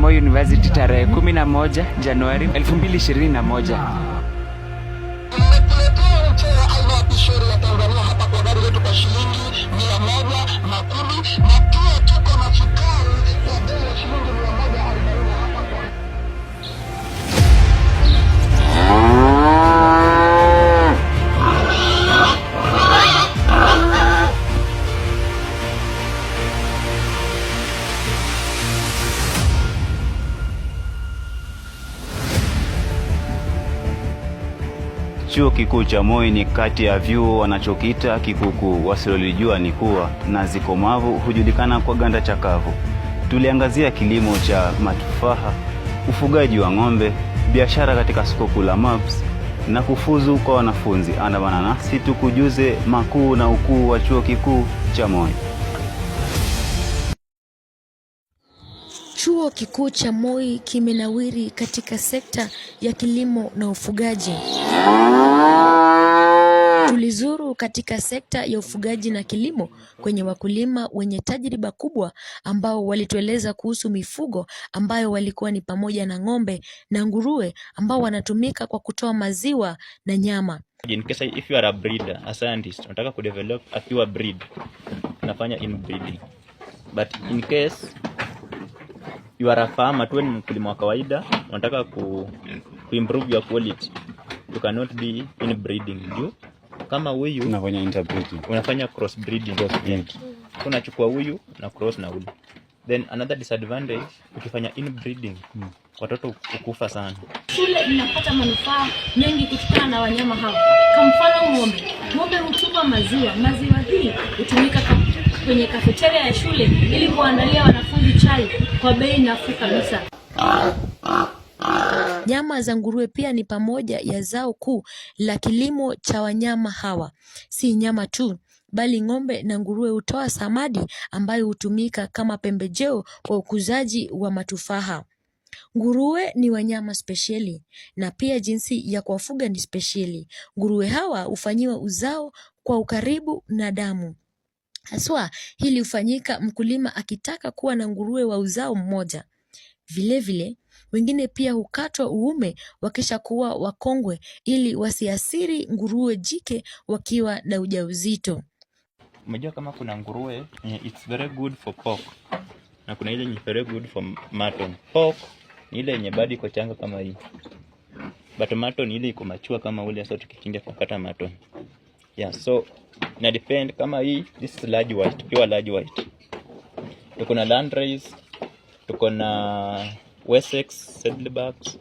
Moi University tarehe 11 Januari 2021. Chuo Kikuu cha Moi ni kati ya vyuo wanachokita kikukuu Wasilolijua ni kuwa nazi komavu hujulikana kwa ganda chakavu. Tuliangazia kilimo cha matufaha, ufugaji wa ng'ombe, biashara katika soko kuu la MABS na kufuzu kwa wanafunzi. Andamana nasi tukujuze makuu na ukuu wa Chuo Kikuu cha Moi. Chuo Kikuu cha Moi kimenawiri katika sekta ya kilimo na ufugaji. Tulizuru katika sekta ya ufugaji na kilimo kwenye wakulima wenye tajriba kubwa ambao walitueleza kuhusu mifugo ambayo walikuwa ni pamoja na ng'ombe na nguruwe ambao wanatumika kwa kutoa maziwa na nyama. In case if you are a breeder, a scientist, unataka kudevelop a pure breed, unafanya inbreeding. But in case you are a farmer, tuwe ni mkulima wa kawaida, unataka ku, ku improve your quality, you cannot be in breeding you kama huyu unafanya interbreeding, unafanya cross cross breeding breeding yeah. Unachukua huyu na cross na huyu Then another disadvantage ukifanya inbreeding hmm, watoto ukufa sana. Shule inapata manufaa mengi kutokana na wanyama hao Kwa mfano ng'ombe, ng'ombe hutupa maziwa. Maziwa hii hutumika kwenye kafeteria ya shule ili kuandalia wana hii chai kwa bei nafuu kabisa. Nyama za nguruwe pia ni pamoja ya zao kuu la kilimo cha wanyama hawa. Si nyama tu, bali ng'ombe na nguruwe hutoa samadi ambayo hutumika kama pembejeo kwa ukuzaji wa matufaha. Nguruwe ni wanyama spesheli na pia jinsi ya kuwafuga ni spesheli. Nguruwe hawa hufanyiwa uzao kwa ukaribu na damu. Haswa hili hufanyika mkulima akitaka kuwa na nguruwe wa uzao mmoja. Vilevile, wengine pia hukatwa uume wakishakuwa wakongwe ili wasiasiri nguruwe jike wakiwa na ujauzito. Umejua kama kuna nguruwe eh, it's very good for pork na kuna ile ni very good for mutton. Pork ni ile yenye bado iko changa kama hii, but mutton ile iko machua kama ule, sasa tukichinja tukakata mutton yeah, so na depend kama hii, this is large white, pure large white. Tuko na landrays tuko na Wessex saddlebacks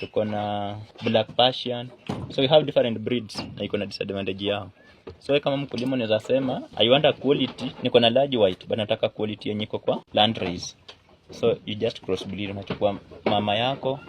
tuko na black Persian, so we have different breeds na iko na disadvantage yao. So kama mkulima unaweza sema I want a quality, niko na large white but nataka quality yenye iko kwa landrays So you just cross breed, unachukua mama yako,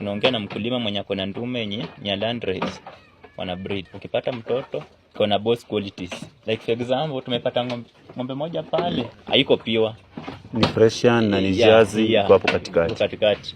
unaongea na mkulima mwenye ako na ndume yenye ya landrays wana breed. Ukipata mtoto na both qualities, like for example tumepata ng'ombe, ng'ombe moja pale haiko piwa, ni freshian na ni jazi, kwa hapo katikati katikati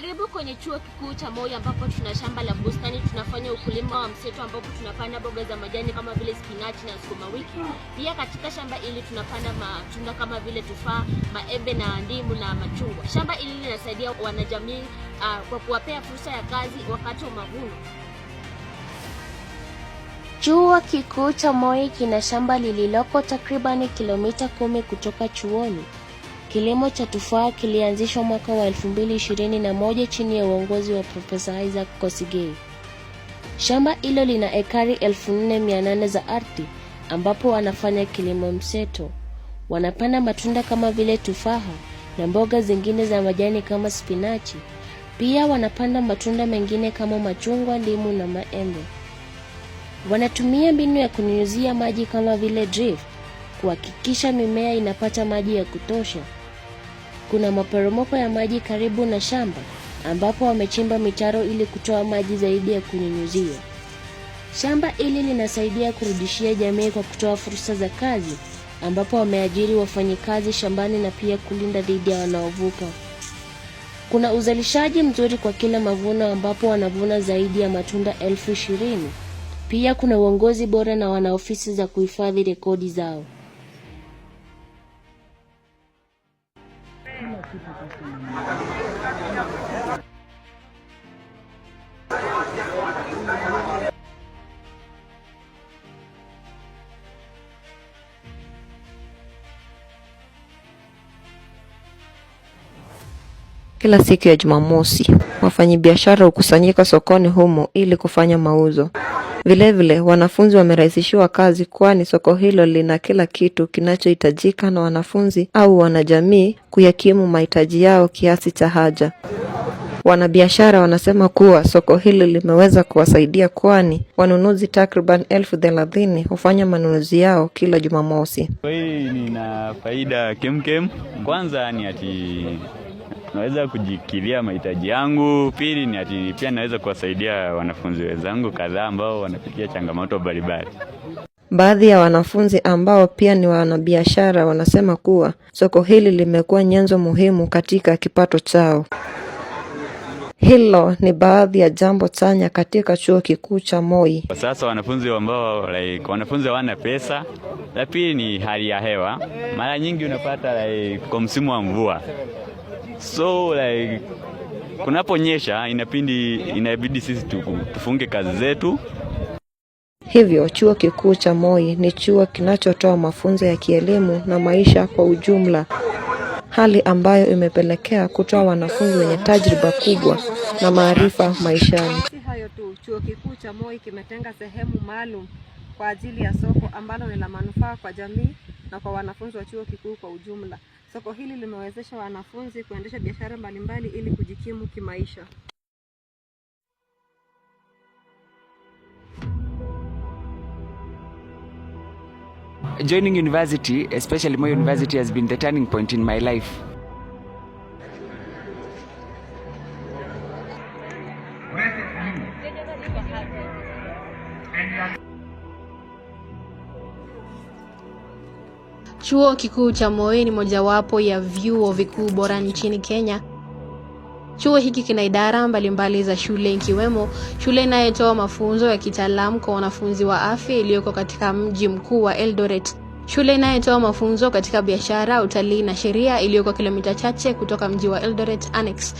Karibu kwenye chuo kikuu cha Moi ambapo tuna shamba la bustani, tunafanya ukulima wa mseto ambapo tunapanda mboga za majani kama vile spinachi na sukuma wiki. Pia katika shamba hili tunapanda matunda kama vile tufaa, maembe na ndimu na machungwa. Shamba hili linasaidia wanajamii uh, kwa kuwapea fursa ya kazi wakati wa mavuno. Chuo kikuu cha Moi kina shamba lililoko takribani kilomita kumi kutoka chuoni. Kilimo cha tufaa kilianzishwa mwaka wa 2021 chini ya uongozi wa Profesa Isaac Kosigei. Shamba hilo lina ekari 4800 za ardhi ambapo wanafanya kilimo mseto. Wanapanda matunda kama vile tufaha na mboga zingine za majani kama spinachi. Pia wanapanda matunda mengine kama machungwa, ndimu na maembe. Wanatumia mbinu ya kunyunyuzia maji kama vile drip kuhakikisha mimea inapata maji ya kutosha kuna maporomoko ya maji karibu na shamba ambapo wamechimba mitaro ili kutoa maji zaidi ya kunyunyuzia. Shamba hili linasaidia kurudishia jamii kwa kutoa fursa za kazi ambapo wameajiri wafanyikazi shambani na pia kulinda dhidi ya wanaovuka. Kuna uzalishaji mzuri kwa kila mavuno ambapo wanavuna zaidi ya matunda elfu ishirini. Pia kuna uongozi bora na wana ofisi za kuhifadhi rekodi zao. Kila siku ya Jumamosi, wafanyabiashara hukusanyika sokoni humo ili kufanya mauzo. Vilevile, wanafunzi wamerahisishiwa kazi kwani soko hilo lina kila kitu kinachohitajika na wanafunzi au wanajamii kuyakimu mahitaji yao kiasi cha haja. Wanabiashara wanasema kuwa soko hili limeweza kuwasaidia kwani wanunuzi takriban elfu thelathini hufanya manunuzi yao kila Jumamosi. Hii nina faida kemkem. Kwanza ni ati naweza kujikilia mahitaji yangu. Pili ni ati pia naweza kuwasaidia wanafunzi wenzangu kadhaa ambao wanapitia changamoto mbalimbali. Baadhi ya wanafunzi ambao pia ni wanabiashara wanasema kuwa soko hili limekuwa nyenzo muhimu katika kipato chao. Hilo ni baadhi ya jambo chanya katika Chuo Kikuu cha Moi. Kwa sasa wanafunzi ambao like, wanafunzi hawana pesa. La pili ni hali ya hewa, mara nyingi unapata like, kwa msimu wa mvua so like, kunaponyesha inapindi inabidi sisi tufunge kazi zetu. Hivyo chuo kikuu cha Moi ni chuo kinachotoa mafunzo ya kielimu na maisha kwa ujumla hali ambayo imepelekea kutoa wanafunzi wenye tajriba kubwa na maarifa maishani. Si hayo tu, chuo kikuu cha Moi kimetenga sehemu maalum kwa ajili ya soko ambalo ni la manufaa kwa jamii na kwa wanafunzi wa chuo kikuu kwa ujumla. Soko hili limewezesha wanafunzi kuendesha biashara mbalimbali ili kujikimu kimaisha. joining university, especially my university, has been the turning point in my life. Chuo Kikuu cha Moi ni mojawapo ya vyuo vikuu bora nchini Kenya Chuo hiki kina idara mbalimbali za shule ikiwemo shule inayotoa mafunzo ya kitaalamu kwa wanafunzi wa afya iliyoko katika mji mkuu wa Eldoret, shule inayotoa mafunzo katika biashara, utalii na sheria iliyoko kilomita chache kutoka mji wa Eldoret Annex,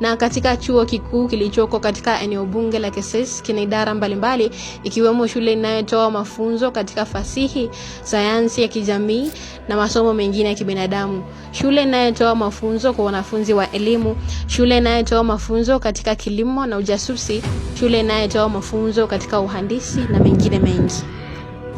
na katika chuo kikuu kilichoko katika eneo bunge la keses kina idara mbalimbali ikiwemo shule inayotoa mafunzo katika fasihi, sayansi ya kijamii na masomo mengine ya kibinadamu, shule inayotoa mafunzo kwa wanafunzi wa elimu, shule inayotoa mafunzo katika kilimo na ujasusi, shule inayotoa mafunzo katika uhandisi na mengine mengi.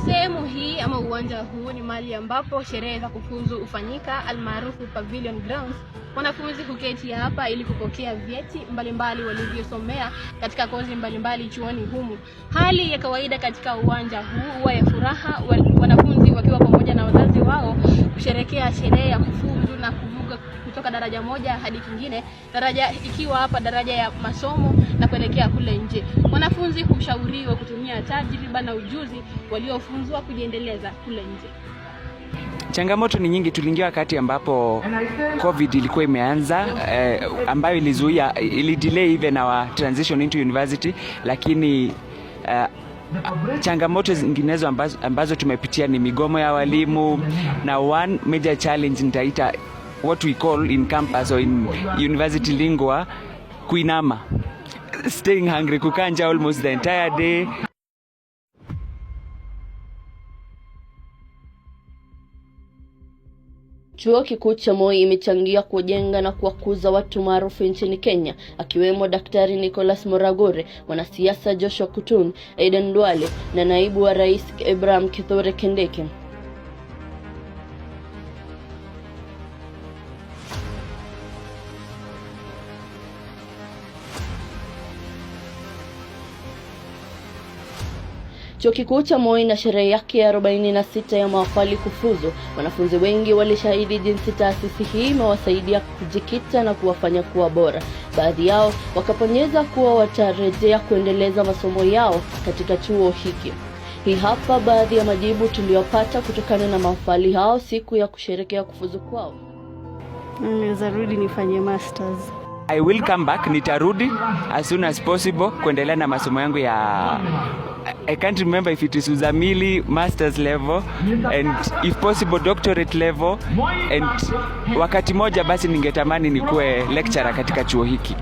Sehemu ama uwanja huu ni mahali ambapo sherehe za kufuzu hufanyika almaarufu pavilion grounds. Wanafunzi huketi hapa ili kupokea vyeti mbalimbali walivyosomea katika kozi mbalimbali chuoni humu. Hali ya kawaida katika uwanja huu huwa ya furaha, wanafunzi wakiwa pamoja na wazazi wao kusherekea sherehe ya kufuzu daraja moja hadi kingine, daraja ikiwa hapa daraja ya masomo na kuelekea kule nje. Wanafunzi hushauriwa kutumia tajriba na ujuzi waliofunzwa kujiendeleza kule nje. Changamoto ni nyingi. Tuliingia wakati ambapo COVID ilikuwa imeanza eh, ambayo ilizuia ilidelay even our transition into university, lakini eh, changamoto zinginezo ambazo, ambazo tumepitia ni migomo ya walimu na one major challenge nitaita what we call in campus or in university lingua kuinama, staying hungry, kukanja almost the entire day. Chuo Kikuu cha Moi imechangia kujenga na kuwakuza watu maarufu nchini Kenya akiwemo Daktari Nicholas Moragore, mwanasiasa Joshua Kutun, aiden dwale na naibu wa rais Abraham kithore kendeke Chuo Kikuu cha Moi na sherehe yake ya 46 ya mwaka kufuzu wanafunzi wengi walishahidi jinsi taasisi hii imewasaidia kujikita na kuwafanya kuwa bora. Baadhi yao wakapongeza kuwa watarejea kuendeleza masomo yao katika chuo hiki. Hii hapa baadhi ya majibu tuliyopata kutokana na mahafali hao siku ya kusherekea kufuzu kwao. Naweza rudi nifanye masters. I will come back, nitarudi as soon as possible kuendelea na masomo yangu ya I can't remember if it is uzamili masters level and if possible doctorate level and wakati moja basi ningetamani nikuwe lecturer katika chuo hiki.